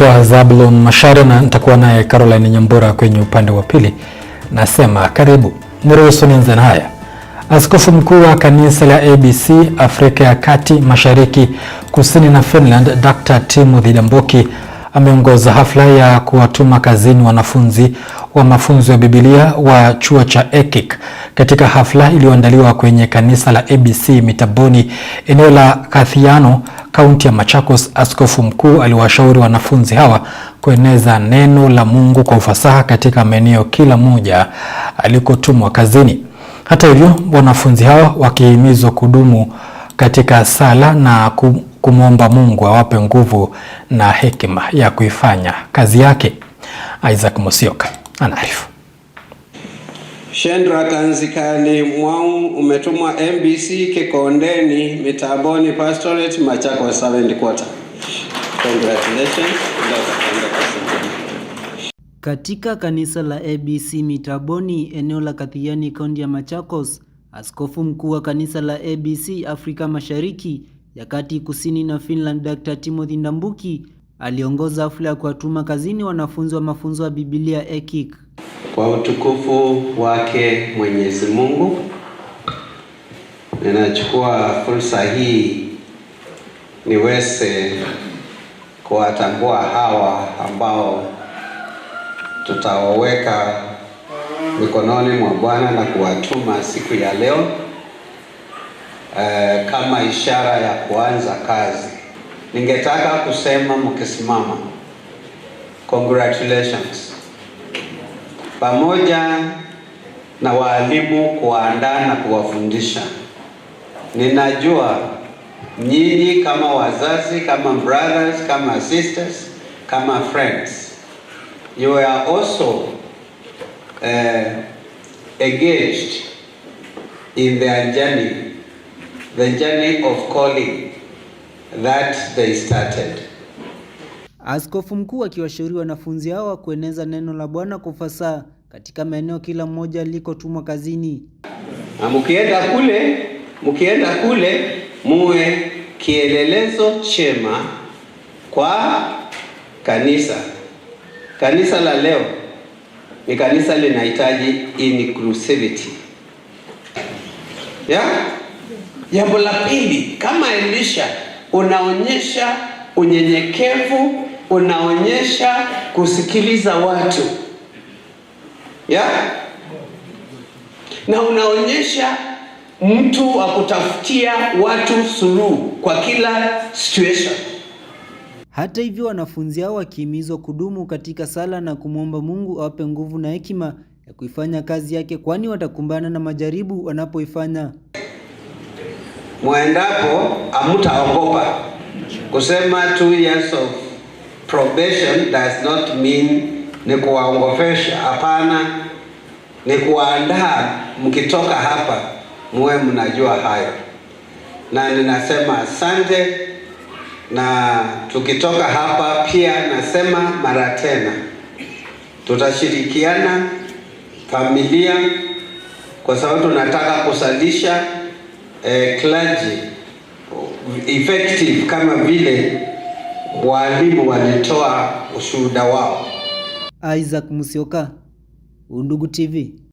Kwa Zablon Mashare na nitakuwa naye Caroline Nyambura kwenye upande wa pili. Nasema karibu. Niruhusu nianze na haya. Askofu mkuu wa kanisa la ABC Afrika ya Kati, Mashariki, Kusini na Finland, Dr. Timothy damboki ameongoza hafla ya kuwatuma kazini wanafunzi wa mafunzo ya Biblia wa chuo cha EKIC katika hafla iliyoandaliwa kwenye kanisa la ABC Mitaboni eneo la Kathiano kaunti ya Machakos, askofu mkuu aliwashauri wanafunzi hawa kueneza neno la Mungu kwa ufasaha katika maeneo kila moja alikotumwa kazini. Hata hivyo, wanafunzi hawa wakihimizwa kudumu katika sala na kumwomba Mungu awape nguvu na hekima ya kuifanya kazi yake. Isaac mosioka anaarifu. Shendra Kanzikali Mwau umetumwa MBC Kikondeni Mitaboni Pastorate Machakos Seventh Quarter. Congratulations. Katika kanisa la ABC Mitaboni eneo la Kathiani kaunti ya Machakos, Askofu mkuu wa kanisa la ABC Afrika Mashariki ya Kati Kusini na Finland Dr. Timothy Ndambuki aliongoza hafla ya kuwatuma kazini wanafunzi wa mafunzo ya Biblia EKIK. Kwa utukufu wake Mwenyezi Mungu, ninachukua fursa hii niweze kuwatambua hawa ambao tutawaweka mikononi mwa Bwana na kuwatuma siku ya leo e, kama ishara ya kuanza kazi. Ningetaka kusema mkisimama, congratulations pamoja na walimu kuandaa na kuwafundisha. Ninajua nyinyi kama wazazi, kama brothers, kama sisters, kama friends, you are also uh, engaged in their journey, the journey of calling that they started. Askofu mkuu akiwashauri wanafunzi hao kueneza neno la Bwana kwa ufasaha katika maeneo kila mmoja alikotumwa kazini. Mkienda kule, mkienda kule muwe kielelezo chema kwa kanisa. Kanisa la leo ni kanisa linahitaji inclusivity. Ya? Jambo la pili, kama Elisha unaonyesha unyenyekevu unaonyesha kusikiliza watu ya? na unaonyesha mtu wa kutafutia watu suluhu kwa kila situation. Hata hivyo, wanafunzi hao wakihimizwa kudumu katika sala na kumwomba Mungu awape nguvu na hekima ya kuifanya kazi yake, kwani watakumbana na majaribu wanapoifanya. Mwendapo amtaogopa kusema tu yes of probation does not mean ni kuwaongofesha, hapana, ni kuwaandaa mkitoka hapa muwe mnajua hayo, na ninasema asante, na tukitoka hapa pia nasema mara tena, tutashirikiana familia, kwa sababu tunataka kusalisha eh, clergy effective kama vile Walimu walitoa ushuhuda wao. Isaac Musioka, Undugu TV.